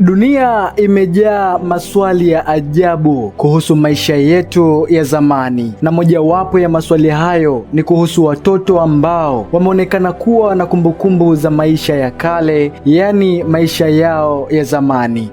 Dunia imejaa maswali ya ajabu kuhusu maisha yetu ya zamani, na mojawapo ya maswali hayo ni kuhusu watoto ambao wameonekana kuwa na kumbukumbu za maisha ya kale, yaani maisha yao ya zamani.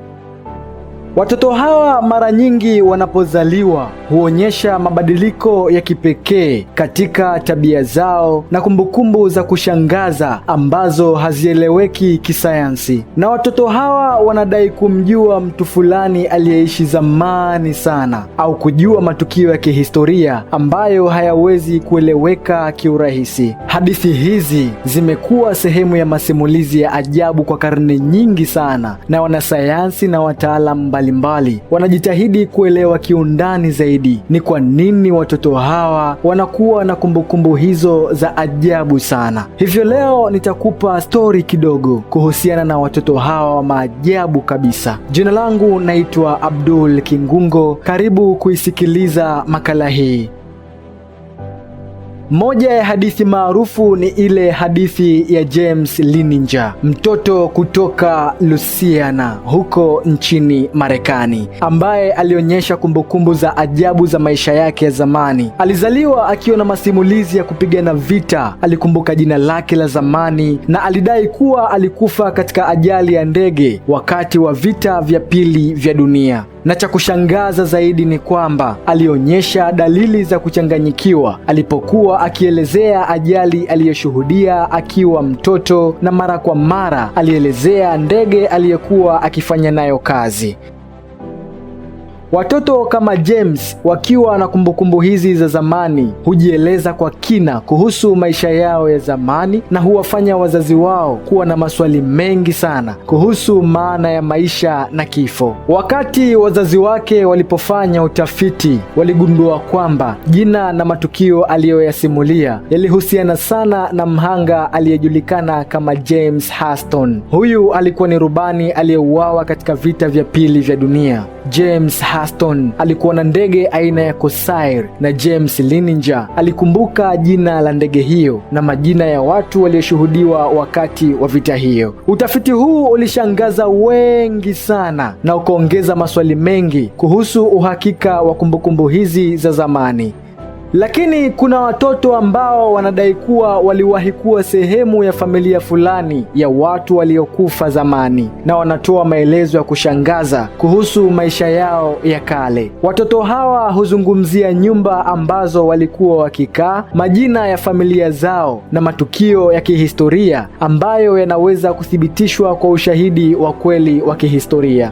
Watoto hawa mara nyingi wanapozaliwa huonyesha mabadiliko ya kipekee katika tabia zao na kumbukumbu za kushangaza ambazo hazieleweki kisayansi. Na watoto hawa wanadai kumjua mtu fulani aliyeishi zamani sana au kujua matukio ya kihistoria ambayo hayawezi kueleweka kiurahisi. Hadithi hizi zimekuwa sehemu ya masimulizi ya ajabu kwa karne nyingi sana na wanasayansi na wataalamu mbalimbali wanajitahidi kuelewa kiundani zaidi ni kwa nini watoto hawa wanakuwa na kumbukumbu hizo za ajabu sana. Hivyo leo nitakupa stori kidogo kuhusiana na watoto hawa wa maajabu kabisa. Jina langu naitwa Abdul Kingungo, karibu kuisikiliza makala hii. Moja ya hadithi maarufu ni ile hadithi ya James Lininja, mtoto kutoka Louisiana huko nchini Marekani, ambaye alionyesha kumbukumbu za ajabu za maisha yake ya zamani. Alizaliwa akiwa na masimulizi ya kupigana vita, alikumbuka jina lake la zamani na alidai kuwa alikufa katika ajali ya ndege wakati wa vita vya pili vya dunia na cha kushangaza zaidi ni kwamba alionyesha dalili za kuchanganyikiwa alipokuwa akielezea ajali aliyoshuhudia akiwa mtoto, na mara kwa mara alielezea ndege aliyekuwa akifanya nayo kazi. Watoto kama James wakiwa na kumbukumbu hizi za zamani hujieleza kwa kina kuhusu maisha yao ya zamani na huwafanya wazazi wao kuwa na maswali mengi sana kuhusu maana ya maisha na kifo. Wakati wazazi wake walipofanya utafiti, waligundua kwamba jina na matukio aliyoyasimulia yalihusiana sana na mhanga aliyejulikana kama James Huston. Huyu alikuwa ni rubani aliyeuawa katika vita vya pili vya dunia. James Huston alikuwa na ndege aina ya Corsair na James Lininger alikumbuka jina la ndege hiyo na majina ya watu walioshuhudiwa wakati wa vita hiyo. Utafiti huu ulishangaza wengi sana na ukaongeza maswali mengi kuhusu uhakika wa kumbukumbu hizi za zamani. Lakini kuna watoto ambao wanadai kuwa waliwahi kuwa sehemu ya familia fulani ya watu waliokufa zamani, na wanatoa maelezo ya kushangaza kuhusu maisha yao ya kale. Watoto hawa huzungumzia nyumba ambazo walikuwa wakikaa, majina ya familia zao na matukio ya kihistoria ambayo yanaweza kuthibitishwa kwa ushahidi wa kweli wa kihistoria.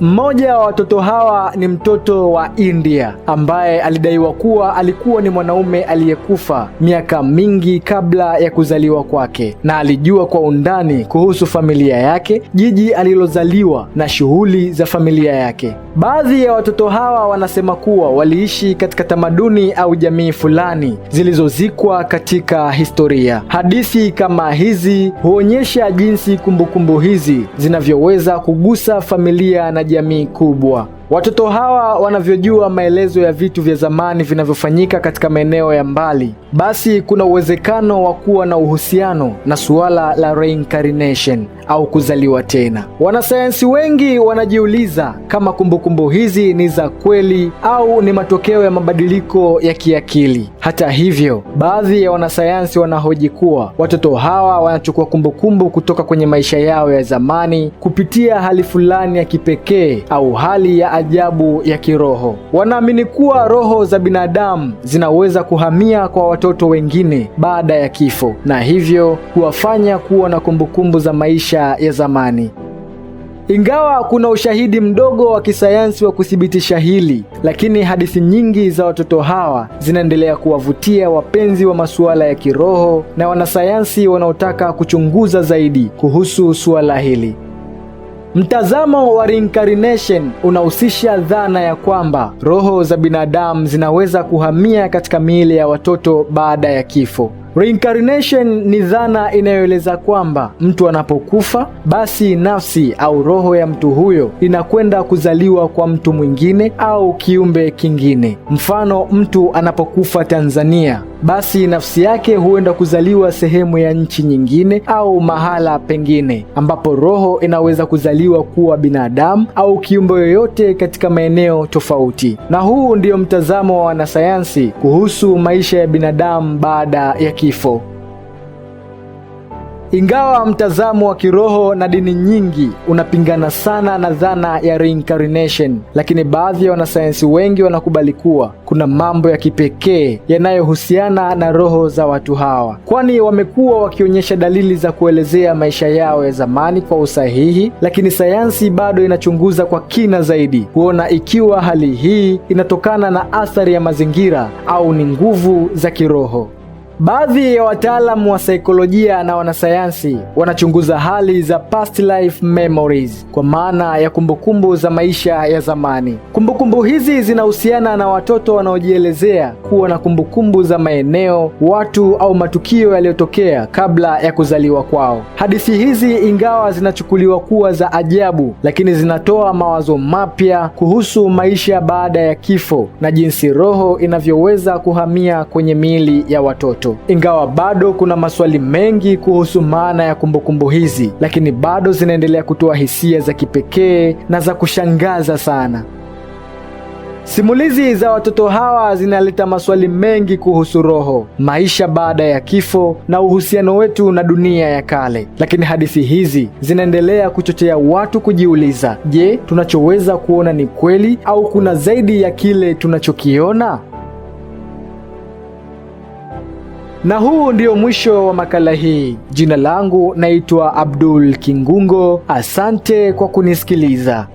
Mmoja wa watoto hawa ni mtoto wa India ambaye alidaiwa kuwa alikuwa ni mwanaume aliyekufa miaka mingi kabla ya kuzaliwa kwake, na alijua kwa undani kuhusu familia yake, jiji alilozaliwa na shughuli za familia yake. Baadhi ya watoto hawa wanasema kuwa waliishi katika tamaduni au jamii fulani zilizozikwa katika historia. Hadithi kama hizi huonyesha jinsi kumbukumbu kumbu hizi zinavyoweza kugusa familia na jamii kubwa. Watoto hawa wanavyojua maelezo ya vitu vya zamani vinavyofanyika katika maeneo ya mbali, basi kuna uwezekano wa kuwa na uhusiano na suala la reincarnation au kuzaliwa tena. Wanasayansi wengi wanajiuliza kama kumbukumbu kumbu hizi ni za kweli au ni matokeo ya mabadiliko ya kiakili. Hata hivyo, baadhi ya wanasayansi wanahoji kuwa watoto hawa wanachukua kumbukumbu kutoka kwenye maisha yao ya zamani kupitia hali fulani ya kipekee au hali ya maajabu ya kiroho. Wanaamini kuwa roho za binadamu zinaweza kuhamia kwa watoto wengine baada ya kifo na hivyo kuwafanya kuwa na kumbukumbu za maisha ya zamani. Ingawa kuna ushahidi mdogo wa kisayansi wa kuthibitisha hili, lakini hadithi nyingi za watoto hawa zinaendelea kuwavutia wapenzi wa masuala ya kiroho na wanasayansi wanaotaka kuchunguza zaidi kuhusu suala hili. Mtazamo wa reincarnation unahusisha dhana ya kwamba roho za binadamu zinaweza kuhamia katika miili ya watoto baada ya kifo. Reincarnation ni dhana inayoeleza kwamba mtu anapokufa basi nafsi au roho ya mtu huyo inakwenda kuzaliwa kwa mtu mwingine au kiumbe kingine. Mfano, mtu anapokufa Tanzania, basi nafsi yake huenda kuzaliwa sehemu ya nchi nyingine au mahala pengine, ambapo roho inaweza kuzaliwa kuwa binadamu au kiumbe yoyote katika maeneo tofauti. Na huu ndio mtazamo wa wanasayansi kuhusu maisha ya binadamu baada ya kifo. Ingawa mtazamo wa kiroho na dini nyingi unapingana sana na dhana ya reincarnation, lakini baadhi ya wanasayansi wengi wanakubali kuwa kuna mambo ya kipekee yanayohusiana na roho za watu hawa, kwani wamekuwa wakionyesha dalili za kuelezea maisha yao ya zamani kwa usahihi. Lakini sayansi bado inachunguza kwa kina zaidi kuona ikiwa hali hii inatokana na athari ya mazingira au ni nguvu za kiroho. Baadhi ya wataalamu wa saikolojia na wanasayansi wanachunguza hali za past life memories kwa maana ya kumbukumbu za maisha ya zamani. Kumbukumbu hizi zinahusiana na watoto wanaojielezea kuwa na kumbukumbu za maeneo, watu au matukio yaliyotokea kabla ya kuzaliwa kwao. Hadithi hizi, ingawa zinachukuliwa kuwa za ajabu, lakini zinatoa mawazo mapya kuhusu maisha baada ya kifo na jinsi roho inavyoweza kuhamia kwenye miili ya watoto watoto. Ingawa bado kuna maswali mengi kuhusu maana ya kumbukumbu hizi, lakini bado zinaendelea kutoa hisia za kipekee na za kushangaza sana. Simulizi za watoto hawa zinaleta maswali mengi kuhusu roho, maisha baada ya kifo na uhusiano wetu na dunia ya kale. Lakini hadithi hizi zinaendelea kuchochea watu kujiuliza, je, tunachoweza kuona ni kweli au kuna zaidi ya kile tunachokiona? Na huu ndio mwisho wa makala hii. Jina langu naitwa Abdul Kingungo. Asante kwa kunisikiliza.